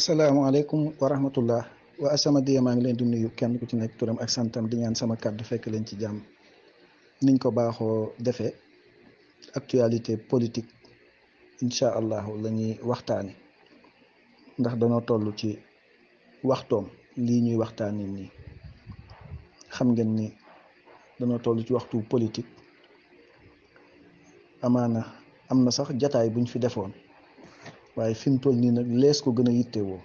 asalaamaaleykum wa rahmatullah waa sama samadiyya maa ngi leen di nuyu kenn ku ci nekk turam ak santam di ñaan sama kàddu fekk leen ci jàmm niñ ko baaxoo defee actualité politique incha allah lañuy ñuy waxtaani ndax danoo toll ci waxtoom lii ñuy waxtaani nii xam ngeen ni danoo toll ci waxtu politique amaana am na sax jataay buñ fi defoon waaye fi mu toll nii nag lees ko gën a yittewoo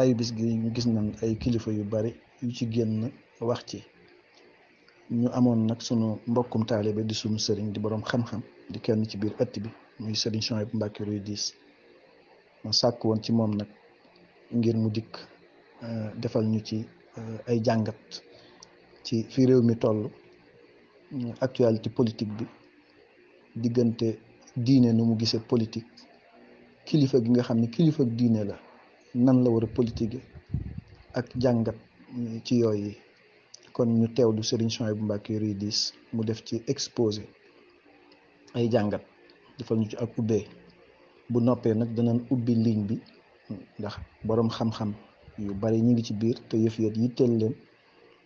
ay bis gi ñu gis nañ ay kilifa yu bari yu ci génn wax ci ñu amoon nag suñu mbokkum ba di sunu sëriñ di boroom xam-xam di kenn ci biir ëtt bi muy sëriñ Souhaïbou Mbacké Ruy diis mu sàkk woon ci moom nag ngir mu dikk euh, defal ñu ci euh, ay jàngat ci fi réew mi toll actualité politik bi diggante diine nu mu gisee politique kilifa gi nga xam ne kilifa diine la nan la war a politique ak jàngat ci yi kon ñu teew du teewlu Serigne Souhaïbou Mbacké Ridis mu def ci exposé ay jàngat defal ñu ci ak ubbee bu noppee nag danañ ubbi ligne bi ndax boroom xam-xam yu bari ñu ngi ci biir te yëf yët yitteel leen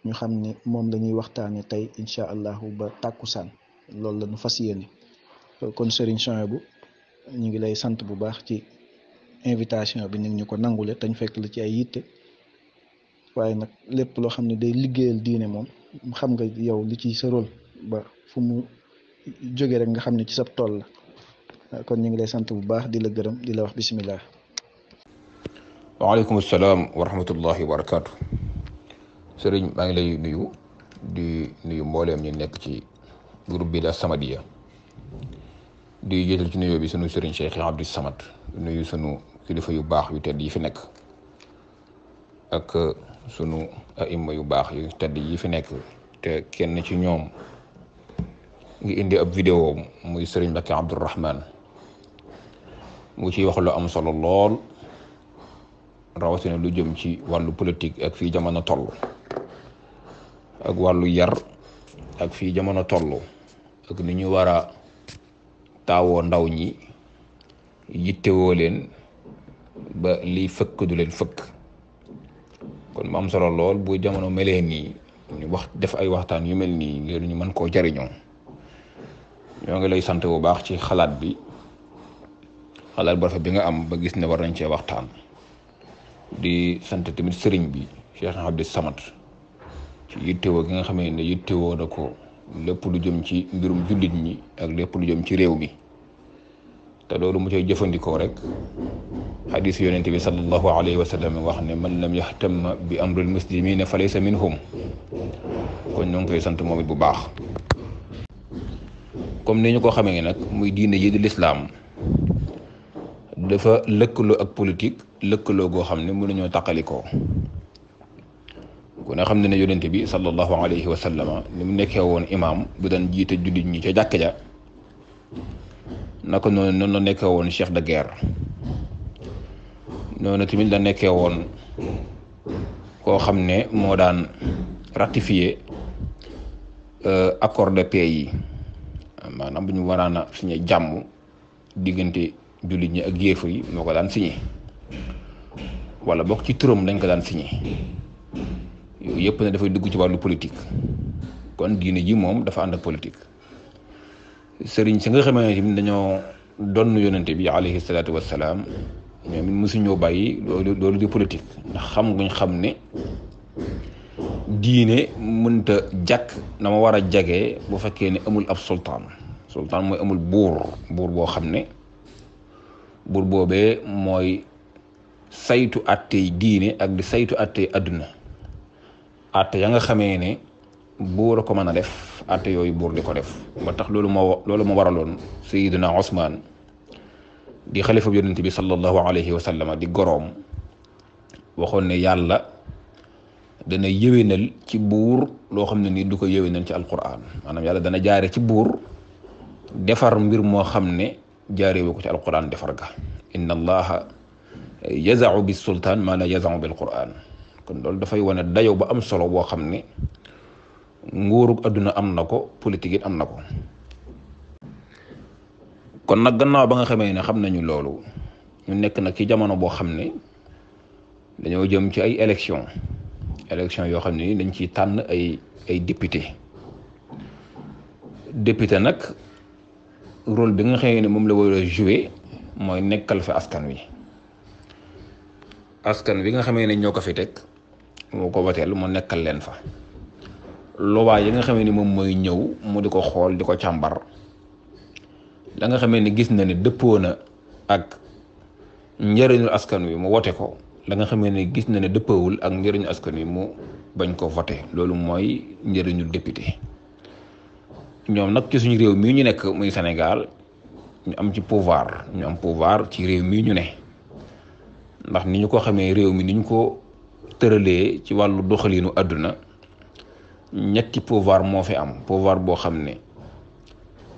ñu xam ne moom lañuy ñuy waxtaane tey incha allahu ba tàkkusaan loolu la ñu fas yéene kon Serigne bu ñu ngi lay sant bu baax ci invitation bi ñu ñu ko nangule tañ fekk la ci ay yitte waaye nag lépp loo xam ne day liggéeyal diine moom xam nga yow li ci sa rôle ba fu mu jóge rek nga xam ne ci sab tool la kon ñu ngi lay sant bu baax di la gërëm di la wax bisimilah. waaleykum salaam wa rahmatullahi wa barakaatu. Sëriñ maa ngi lay nuyu di nuyu mbooleem ñu nekk ci groupe bi la Samadiyya di jëtal ci nuyoo bi sunu sëriñ Cheikh Abdou Samad nuyu sunu kilifa yu baax yu tedd yi fi nekk ak sunu aima yu baax yu tedd yi fi nekk te kenn ci ñoom ngi indi ab vidéo muy sëriñ Mbacké Abdourahmane mu ciy wax lu am solo lool rawatina lu jëm ci wàllu politique ak fii jamono toll ak wallu yar ak fii jamono toll ak ni ñu war taawoo ndaw ñi yittewoo leen ba li fëkk du leen fëkk kon mu am solo lool bu jamono melee nii ñu wax def ay waxtaan yu mel nii ngir ñu mën koo jariñoo ñoo ngi lay sante bu baax ci xalaat bi xalaat bu rafet bi nga am ba gis ne war nañ cee waxtaan di sant tamit sëriñ bi Cheikh Abdou Samad ci yittewoo gi nga xamee ne yittewoo na ko lépp lu jëm ci mbirum jullit ñi ak lépp lu jëm ci réew mi te loolu mu cay jëfandikoo rek xadiis yonent bi sallallahu alayhi wa sallam wax ne man lam yaxtam bi amril muslimina fa laysa minhum kon ñoo ngi koy sant moom bu baax comme ni ñu ko xamee nag muy diine ji di lislaam dafa lëkkaloo ak politique lëkkaloo goo xam ne mënuñoo taqalikoo ku ne xam ne ne yonent bi sallallahu alayhi wa sallama ni mu nekkee woon imaam bu daan jiite jullit ñi ca jàkka ja naka noonu noonu la nekkee woon chef de guerre noonu tamit la nekkee woon koo xam ne moo daan ratifié euh, accord de paix yi maanaam bu ñu waraan a signé jàmm diggante jullit ñi ak yéefar yi moo ko daan signé wala bokk ci turam dañ ko daan signé yooyu yëpp ne dafay dugg ci wàllu politique kon diine ji moom dafa ànd ak sëriñ si nga xamee ne dañoo donn yonente bi alayhi salaatu wassalaam ñoom it mosuñoo bàyyi loolu di politique ndax xam guñ xam ne diine mënta jàkk na ma war a jagee bu fekkee ne amul ab sultaan sultaan mooy amul buur buur boo xam ne buur boobee mooy saytu attey diine ak di saytu attey àdduna atte ya nga xamee ne buur a ko mën a def atte yooyu buur di ko def ba tax loolu moo loolu moo waraloon sayiduna Usmaan di xalifa yonent bi sallallahu alayhi wa sallam di goroom waxoon ne yàlla dana yëwénal ci buur loo xam ne nii du ko yëwénal ci alquran maanaam yàlla dana jaare ci buur defar mbir moo xam ne jaaree wu ko ci alquran defar ga inna allaha yazau bi sultaan ma la yazau bil kon loolu dafay wane dayo ba am solo boo xam ne nguurug adduna am na ko politique it am na ko kon nag gannaaw ba nga xamee ne xam nañu loolu ñu nekk nag ki jamono boo xam ne dañoo jëm ci ay élection élection yoo xam ne dañ ciy tànn ay ay député député nag rôle bi nga xamee ne moom la war a mooy nekkal fa askan wi askan wi nga xamee ne ñoo ko fi teg moo ko wateel mu nekkal leen fa luwaa yi nga xamee ni moom mooy ñëw mu di ko xool di ko càmbar la nga xamee gis na ni dëppoo na ak njëriñul askan wi mu wote ko la nga xamee ni gis na ne dëppawul ak njëriñu askan wi mu bañ ko vote loolu mooy njëriñul député ñoom nag ci suñu réew mii ñu nekk muy Sénégal ñu am ci pouvoir ñu am pouvoir ci réew mii ñu ne ndax ni ñu ko xamee réew mi ni ñu ko tëralee ci wàllu doxaliinu àdduna ñetti pouvoir moo fi am pouvoir boo xam ne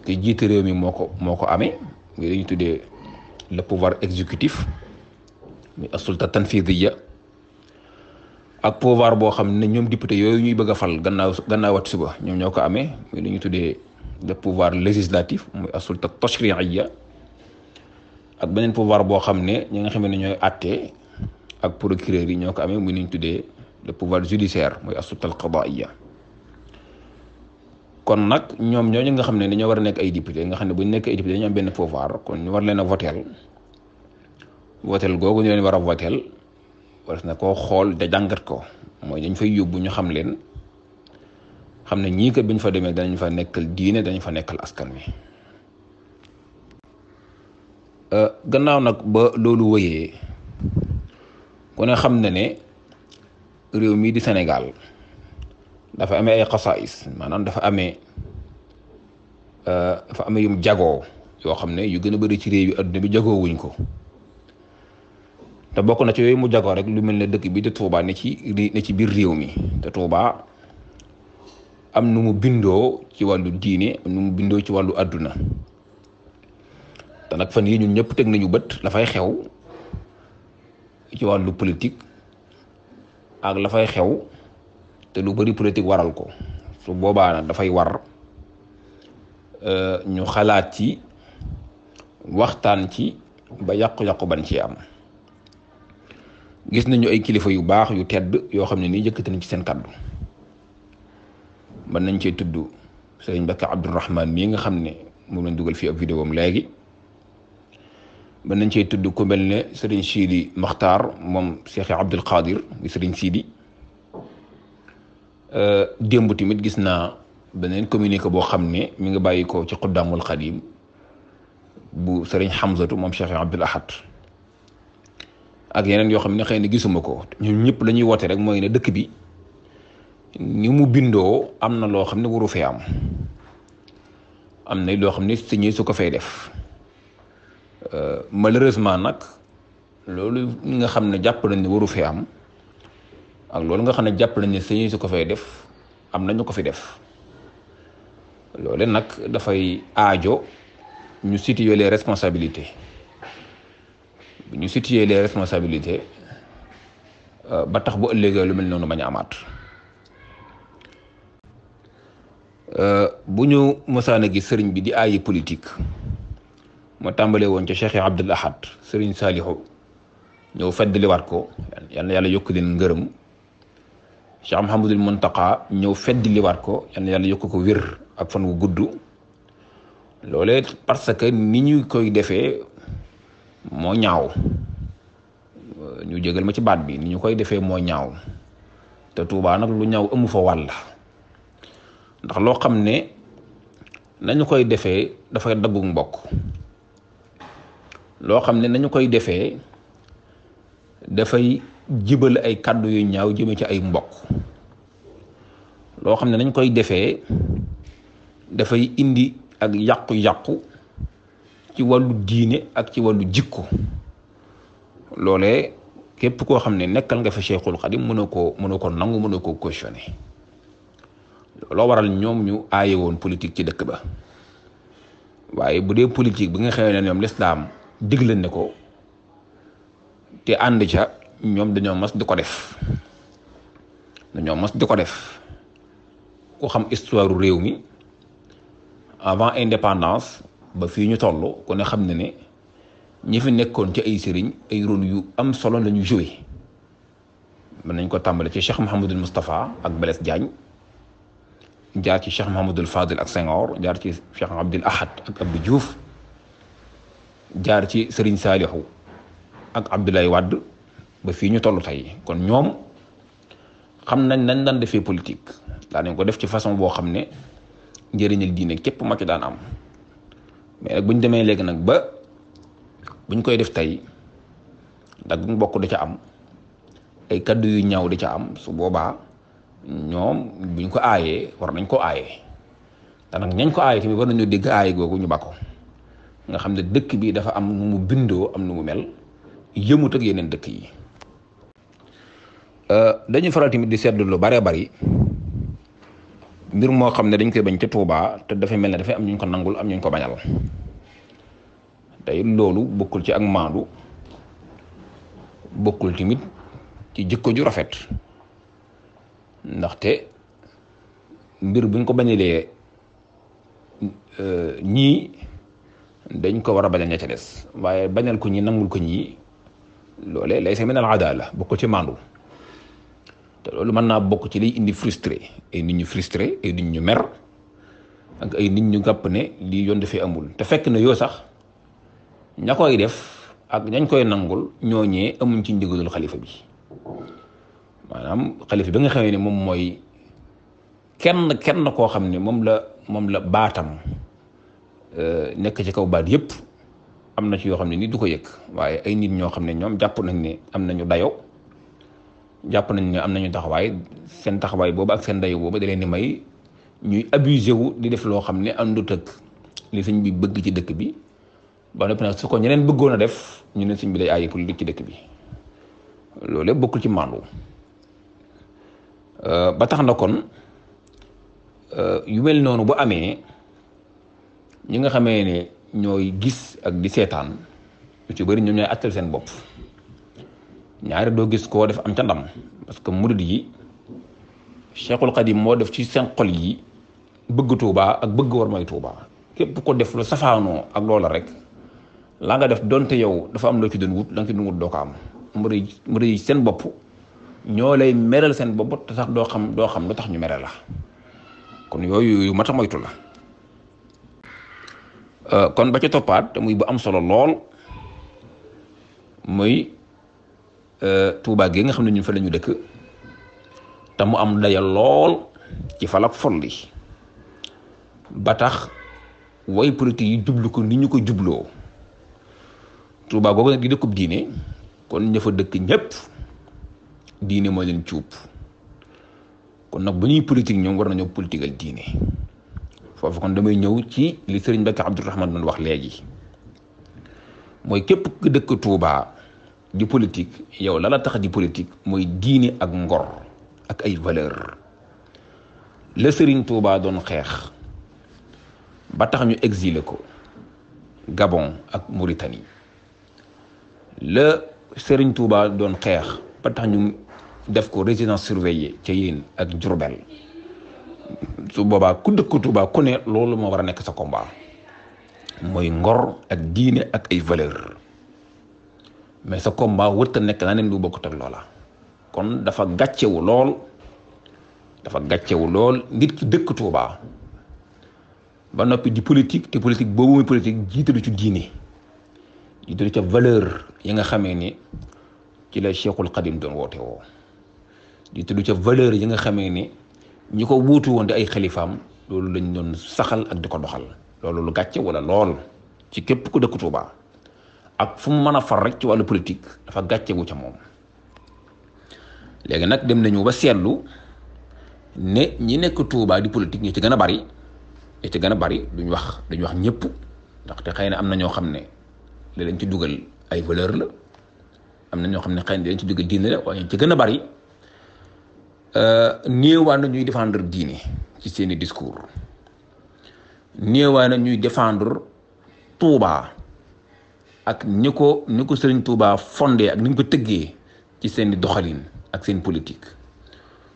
ki jiite réew mi moo ko moo ko amee ngi tuddee le pouvoir exécutif muy asulta tanfidiya ak pouvoir boo xam ñoom député yooyu ñuy bëgg a fal gannaaw gannaaw suba ñoom ñoo ko amee muy dañu tuddee le pouvoir législatif muy asulta tashriiya ak beneen pouvoir boo xam ne ñi nga xam ne ñooy àtte ak procureur yi ñoo ko amee muy ñu tuddee le pouvoir judiciaire muy asulta al qadaiya kon nag ñoom ñooñu nga xam ne dañoo war a nekk ay député nga xam ne buñ ñu nekk ay député dañu am benn pouvoir kon ñu war leen votel votel googu ñu leen war a votel war na koo xool da jàngat ko mooy dañ fay yóbbu ñu xam leen xam ne ñii kat bi fa demee danañ fa nekkal diine danañ fa nekkal askan mi euh, gannaaw nag ba loolu wëyee ku ne xam na ne réew mii di Sénégal dafa ame ay xasaayis maanaam dafa amee euh, dafa ame yum jagoo yoo xam ne yu gën a bëri ci réew yi adduna bi jagoo wuñ ko te bokk na ci yooyu mu jagoo rek lu mel ne dëkk bi te Touba ne ci ne ci biir réew mi te Touba am nu mu bindoo ci wàllu diine am nu bindoo ci wàllu adduna te nag fan yi ñun ñëpp teg nañu bët lafay xew ci wàllu politique ak lafay xew te lu bari politique waral ko su boobaa nag dafay war euh, ñu xalaat ci waxtaan ci ba yàqu-yàqu ban ci am gis nañu ay kilifa yu baax yu tedd yoo xam ne nii yëkkati nañ ci seen kàddu mën nañ cee tudd sëriñ Mbacke Abdourahman mii nga xam ne moom lañ dugal fi ab vidéo am léegi mën nañ cee tudd ku ne sëriñ Sidi Makhtar moom Cheikh Abdoul Qadir bi sëriñ Euh, démb tamit gis naa beneen communique boo xam ne mi ngi bàyyi ko ci xuddaamul xadim bu sëriñ Hamzatu moom Cheikh Abdul Ahad ak yeneen yoo xam ne xëy na gisuma ko ñu ñëpp lañuy ñuy woote rek mooy ne dëkk bi ni mu bindoo am na loo xam ne waru fee am am na loo xam ne sëñ su ko fay def euh, malheureusement nag loolu nga xam ne jàpp nañ ne waru fee am. ak loolu nga xam ne jàpp nañ ne sëñ su ko fay def am nañu ko fi def loole nag dafay aajo ñu situer les responsabilités bu ñu situer les responsabilités euh, ba tax bu ëllëgee lu mel noonu bañ a amaat euh, bu ñu mosaan a gis sëriñ bi di aayi politique moo tàmbalee woon ca Cheikh Abdoul Ahad sëriñ Saalihu ñëw feddaliwaat ko yàlla yàlla yokk leen ngërëm Cheikh Mouhamadul Mountakha ñëw fedd liwaat ko yal na yàlla yokk ko wér ak fan wu gudd loolee parce que ni ñu koy defee moo ñaaw ñu jégal ma ci baat bi ni ñu koy defee moo ñaaw te Touba nag lu ñaaw amu fa wàll ndax loo xam ne nañu koy defee dafay daggug mbokk loo xam ne nañu koy defee dafay jibal ay kàddu yu ñaaw jëme ci ay mbokk loo xam ne dañ koy defee dafay indi ak yàqu-yàqu ci wàllu diine ak ci wàllu jikko loole képp koo xam ne nekkal nga fi Cheikhul Khadim mënoo koo mënoo ko nangu mënoo koo questionné loo waral ñoom ñu aaye woon politique ci dëkk ba waaye bu dee politique bu nga xamee ne ñoom lislaam digla ne ko te ànd ca ñoom dañoo mas di ko def dañoo mas di ko def ku xam histoire réew mi avant indépendance ba fi ñu toll ku ne xam ne ne ñi fi nekkoon ci ay sëriñ ay rôle yu am solo la ñu joué mën nañ ko tàmbali ci Cheikh Mouhamadul Moustapha ak Blaise Diagne jaar ci Cheikh Mouhamadul Fadil ak Senghor jaar ci Cheikh Abdul Ahad ak Abdou Diouf jaar ci Serigne Saliou ak Abdoulaye Wade ba fii ñu toll tey kon ñoom xam nañ nañ daan defee politique daanañ ko def ci façon boo xam ne njëriñal diine képp ma ci daan am mais nag bu ñu demee léegi nag ba buñ koy def tey dagg bokk da ca am ay kaddu yu ñaaw di ca am su boobaa ñoom buñ ko aayee war nañ ko aayee te nag ñañ ko aayee tamit war nañu dégg aaye googu ñu bakko nga xam ne dëkk bii dafa am nu mu bindoo am nu mu mel yëmut yeneen dëkk yi Euh, dañuy faral tamit di sedd lu bare bari mbir moo xam ne dañ koy bañ ca Touba te dafa mel ne dafa am ñu ko nangul am ñu ko bañal tey loolu bokkul ci ak maandu bokkul tamit ci jikko ju rafet ndaxte mbir buñ ko bañalee euh, ñii dañ ko war a bañal ña ca des waaye bañal ko ñi nangul ko ñii loole lay sa min al adala bokkul ci maandu te loolu mën naa bokk ci liy indi frustré ay nit ñu frustré ay ñu mer ak ay nit ñu gàpp ne lii yoon dafay amul te fekk na yoo sax ña koy def ak ñañ koy nangul ñooñee amuñ ci ndigalul xalifa bi maanaam xalifa bi nga xamee ne moom mooy kenn kenn koo xam ne moom la moom la baatam euh, nekk ci kaw baat yëpp am na ci yoo xam ne ni du ko yëg waaye ay nit ñoo xam ne ñoom jàpp nañ ne am nañu dayo jàpp nañ ne am nañu taxawaay seen taxawaay boobu ak seen dayu boobu dalee ni may ñuy abusé wu di def loo xam ne àndut ak li sëñ bi bëgg ci dëkk bi ba noppi ko ñeneen bëggoon a def ñu ne sëñ bi day aaye politique ci dëkk bi loolu yëpp bokkul ci màndu euh, ba tax na kon euh, yu mel noonu bu amee ñi nga xamee ne ñooy gis ak di seetaan lu ci bëri ñoom ñooy attal seen bopp ñaari doo gis koo def am ca parce que murid yi Cheikhul Khadim moo def ci seen xol yi bëgg Touba ak bëgg war mooy Touba képp ko def lu safaanoo ak loola rek laa nga def donte yow dafa am loo ci doon wut la nga ci doo ko am murid murid yi seen bopp ñoo lay meral seen bopp te sax doo xam doo xam lu tax ñu mere la kon yooyu yu mat moytu la euh, kon ba ci toppaat te muy bu am solo lool muy Euh, tuubaa gi nga xam ne ñun fa la ñu dëkk te mu am dajal lool ci falak folli ba tax way politique yi jublu ko ni ñu ko jubloo Touba googu nag di dëkkub diine kon ña dëkk ñépp diine mooy leen cuub kon nag ba ñuy politique ñoom war nañoo politique ak diine foofu kon damay ñëw ci li sëriñ Mbacke Abdourahmane doon wax léegi mooy képp ku dëkk Touba di politique yow la la tax di politique mooy diini ak ngor ak ay valeur la Sëriñ Tuubaa doon xeex ba tax ñu exilé ko Gabon ak yi la Sëriñ Tuubaa doon xeex ba ñu def ko résidence surveillée ca yéen ak Jurbel su boobaa ku dëkk Tuubaa ku loolu moo war a nekk sa combat mooy ngor ak diine ak ay valeur mais sa combat wërta nekk naa neen lu bokkut ak loola kon dafa gàccewu lool dafa gàccewu lool ngir ki dëkk Touba ba noppi di politique te politique boobu muy politique jiitalu ci diine jiitalu ca valeur yi nga xamee ni ci la Cheikhul Xadim doon woote woo jiitalu ca valeur yi nga xamee ni ñi ko wuutu woon di ay xalifaam loolu lañ doon saxal ak di ko doxal loolu lu gàcce wala lool ci képp ku dëkk Touba ak fu mu mën a far rek ci wàllu politique dafa gàccewu ca moom léegi nag dem nañu ba seetlu ne ñi nekk Touba di politique ñu ci gën a bari ñu gën a bari duñ wax duñ wax ñëpp ndaxte xëy na am na ñoo xam ne li ci dugal ay valeur la am na ñoo xam ne xëy na li ci dugal diine la ci gën a bari euh, néewaa na ñuy défendre diine ci seeni discours néewaa na ñuy défendre ak ñi ko ni ko Serigne Touba fonde ak ni ñu ko tëggee ci seen i doxalin ak seen politique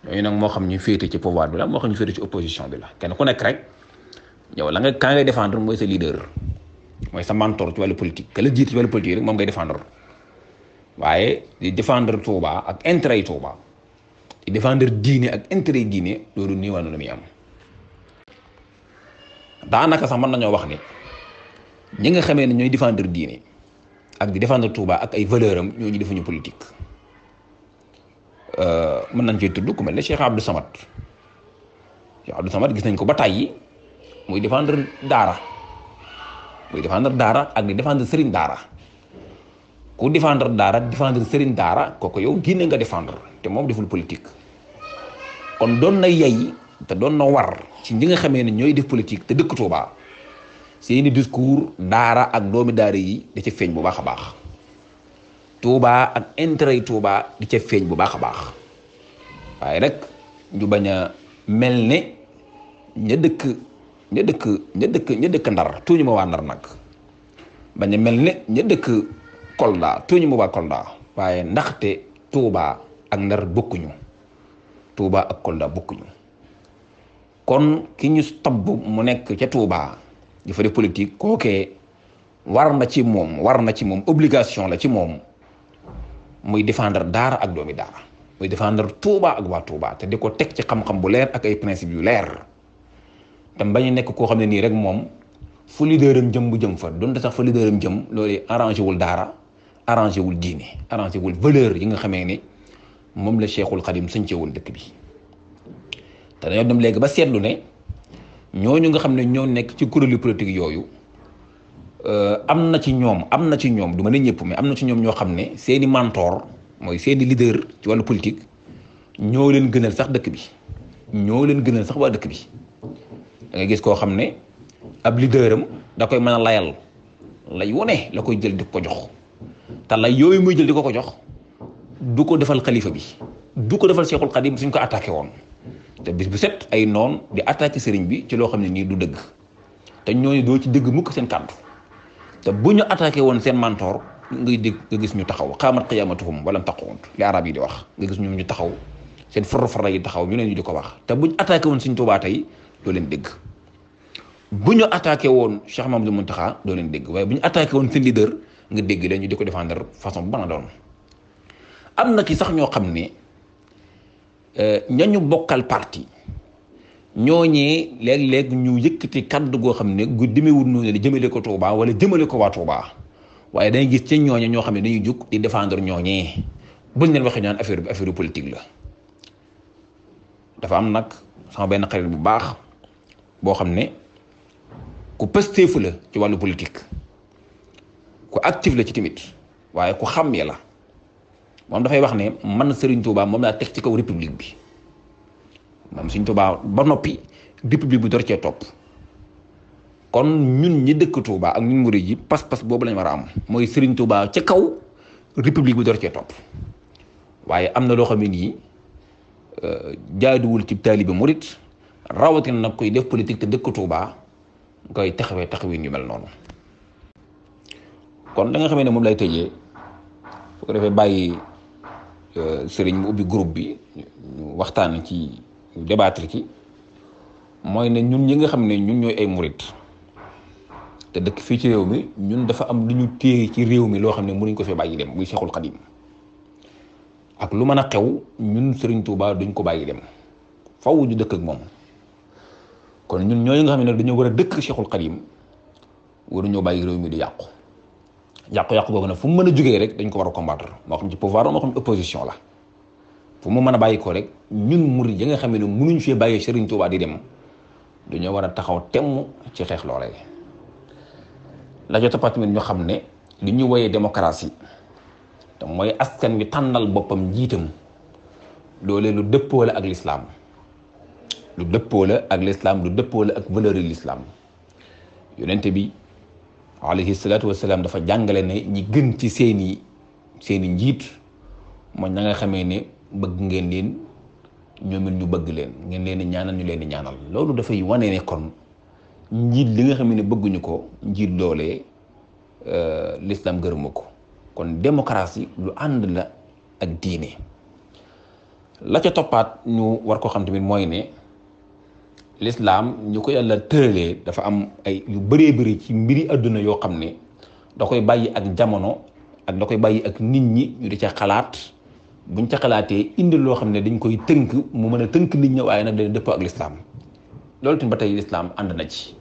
yooyu nag moo xam ñu féete ci pouvoir bi la moo xam ñu féete ci opposition bi la kenn ku nekk rek yow la nga kaa ngay défendre mooy sa leader mooy sa mentor ci wàllu politique ka la jiit ci wàllu politique rek moom ngay défendre waaye di défendre Touba ak intérêt yi Touba défendre diine ak intérêt yi diine loolu néewaanu la muy am daanaka sax mën nañoo wax ni ñi nga xamee ne ñooy défendre diine. ak di défendre Touba ak ay valeur am ñoo ñooñu defuñu politique euh, mën nañ cee tudd ku mel ne Cheikh Abdou Samad gis nañ ko ba tàyyi muy défendre Daara muy défendre Daara ak di défendre Serigne Daara ko défendre Daara défendre Serigne Daara kooku yow génne nga défendre te moom deful politique kon doon na yey te doon na war ci ñi nga xamee ne ñooy def politique te dëkk Touba. seeni discours daara ak doomi daara yi da ca feeñ bu baax a baax Touba ak intérêt yi Touba di ci feeñ bu baax a baax waaye nag ñu bañ a mel ni ña dëkk ña dëkk dëkk ña dëkk Ndar tuuñu ma waa Ndar nag baña mel ni ña dëkk Kolda tuuñu ma waa Kolda waaye ndaxte Touba ak Ndar bokkuñu tuuba ak Kolda bokkuñu kon ki ñu tabb mu nekk ca Touba. dafa def politique kookee war na ci moom war na ci moom obligation la ci moom muy défendre daara ak doomi daara muy défendre Touba ak waa Touba te di ko teg ci xam-xam bu leer ak ay principe yu leer te bañ a nekk koo xam ne nii rek moom fu jëm bu jëm fa donte sax fu leaderam jëm loolu arrangé wul daara arrangé wul diine arrangé wul valeur yi nga xamee ni moom la Cheikhul Xadim sëncee woon dëkk bi te dañoo dem léegi ba seetlu ne. ñooñu nga xam ne ñoo nekk ci kuréelu politique yooyu euh, am na ci ñoom am na ci ñoom du ma ne ñëpp mais am na ci ñoom ñoo xam ne seeni mantoor mooy seeni leader ci wàllu politique ñoo leen gënal sax dëkk bi ñoo leen gënal sax waa dëkk bi da ngay gis koo xam ne ab leader am da koy mën a layal lay wone la koy jël di ko jox te lay yooyu mooy jël di ko ko jox du ko defal xalifa bi du ko defal Cheikhul Khadim suñ ko attaqué woon te bis bu set ay noon di attaqué sëriñ bi ci loo xam ne nii du dëgg te ñooñu doo ci dëgg mukk seen kàddu te bu ñu attaqué woon seen mantoor ngay dégg nga gis ñu taxaw xaamat xiyaamatuhum walam taquun li arab yi di wax nga gis ñoom ñu taxaw seen farfarra yi taxaw ñu leen ñu di ko wax te bu ñu attaqué woon Sëriñ Tuubaa tey doo leen dégg bu ñu attaqué woon Cheikh Mamadou Mountakha doo leen dégg waaye bu ñu attaqué woon seen leader nga dégg leen ñu di ko défendre façon bu mën a doon am na ki sax ñoo xam ne Euh, ñañu bokkal parti ñooñee léeg-léeg ñu yëkkati kaddu goo xam ne gu demewul noonu la jëmale ko Touba wala jëmale ko waa Touba waaye dañuy gis ci ñooñe ñoo xam ne dañuy jóg di défendre ñooñee buñ leen waxee ñaan affaire bi affaire politique la dafa am nag sama benn xarit bu baax boo xam ne ku pësteefu la ci wàllu politik ku actif la ci tamit waaye ku xàmmee la moom dafay wax ne man Serigne Touba moom laa teg ci kaw république bi moom Serigne Touba ba noppi république bi dor cee topp kon ñun ñi dëkk Touba ak ñun murid yi pas-pas boobu lañ war am mooy Serigne Touba ci kaw république bi dor cee topp waaye am na loo xam ne nii euh, jaaduwul ci taalibe murid rawatina nag koy def politique te dëkk Touba ngay taxawee taxawin yu mel noonu kon danga nga xamee ne moom lay tëjee su ko bàyyi Euh, sëriñ bu ubbi groupe bi waxtaan ci débattre ci mooy ne ñun ñi nga xam ne ñun ñooy ay murit te dëkk fii ci réew mi ñun dafa am lu ñu téye ci réew mi loo xam ne mënuñ ko fee bàyyi dem muy Seexul Xadim ak lu mën a xew ñun Sëriñ Tuubaa duñ ko bàyyi dem faw ñu dëkk ak moom kon ñun ñooñu nga xam ne dañoo war a dëkk Seexul Xadim waruñoo bàyyi réew mi di yàqu yàqu-yàqu boobu nag fu mu mën a jógee rek dañ ko war a combattre moo xam ci pouvoir moo xam ci opposition la fu mu mën a bàyyi ko rek ñun murid yi nga xam ne mënuñ fee bàyyi Serigne Touba di dem dañoo war a taxaw temm ci xeex loolee. la jot a ñu xam ne li ñu woyee démocratie te mooy askan wi tànnal boppam njiitam loolee lu dëppoo la ak lislaam lu dëppoo la ak lislaam lu dëppoo ak valeur yi lislaam yonente bi. alayhi salaatu wasalaam dafa jàngale ne ñi gën ci seeni seeni njiit mooy ña nga xamee ni bëgg ngeen leen ñoom it ñu bëgg leen ngeen leen di ñaanal ñu leen di ñaanal loolu dafay wane ne kon njiit li nga xam ne bëgguñu ko njiit loolee euh, l'islam gërëmu ko kon démocratie lu ànd la ak diine la ca toppaat ñu war koo xam tamit mooy ne lislaam ñu ko yàlla tëralee dafa am ay yu bëree bëri ci mbiri àdduna yoo xam ne da koy bàyyi ak jamono ak da koy bàyyi ak nit ñi ñu di ca xalaat buñ ca xalaatee indi loo xam ne dañ koy tënk mu mën a tënk nit ñi waaye nag day dëppoo ak loolu tamit ba tey lislaam ànd na ci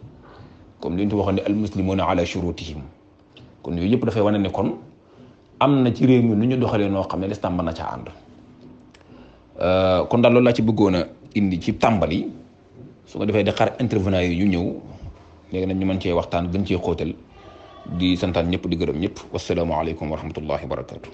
comme li ñu waxoon ne al muslimuna ala shurutihim kon yooyu yëpp dafay wane ne kon am na ci réew mi nu ñu doxalee noo xam ne lislaam mën na caa ànd euh, kon daal loolu laa ci bëggoon a indi ci tàmbali su ko defee di xaar intervenant yi ñu ñëw léegi nag ñu mën cee waxtaan gën cee xootel di santaan ñëpp di gërëm ñëpp wasalaamaaleykum wa rahmatullahi wa barakatu